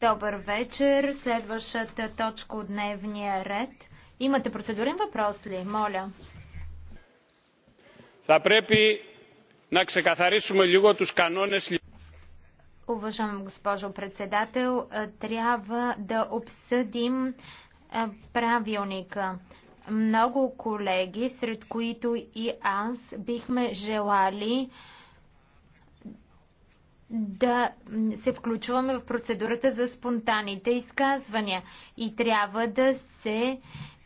Добър вечер. Следващата точка от дневния ред. Имате процедурен въпрос ли? Моля. Θα πρέπει να ξεκαθαρίσουμε λίγο τους κανόνες Уважаема госпожо председател, трябва да обсъдим правилника. Много колеги, сред които и аз, бихме желали да се включваме в процедурата за спонтанните изказвания и трябва да се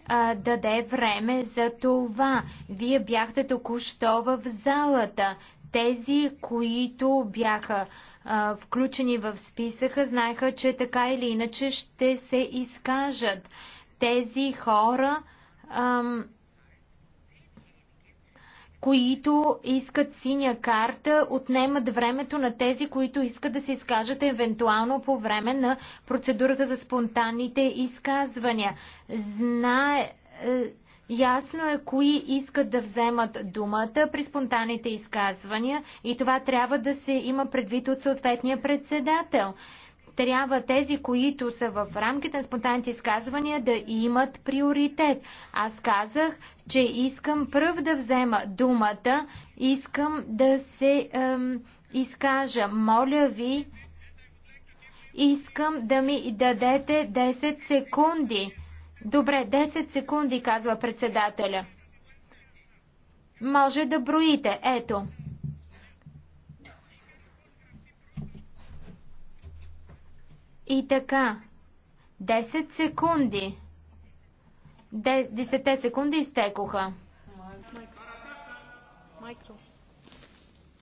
а, даде време за това. Вие бяхте току-що в залата. Тези, които бяха а, включени в списъка, знаеха, че така или иначе ще се изкажат. Тези хора. А, които искат синя карта, отнемат времето на тези, които искат да се изкажат евентуално по време на процедурата за спонтанните изказвания. Знае, е, Ясно е кои искат да вземат думата при спонтанните изказвания и това трябва да се има предвид от съответния председател трябва тези, които са в рамките на спонтанните изказвания, да имат приоритет. Аз казах, че искам пръв да взема думата, искам да се ем, изкажа. Моля ви, искам да ми дадете 10 секунди. Добре, 10 секунди, казва председателя. Може да броите. Ето. И така, 10 секунди. 10 секунди изтекоха. Майкро.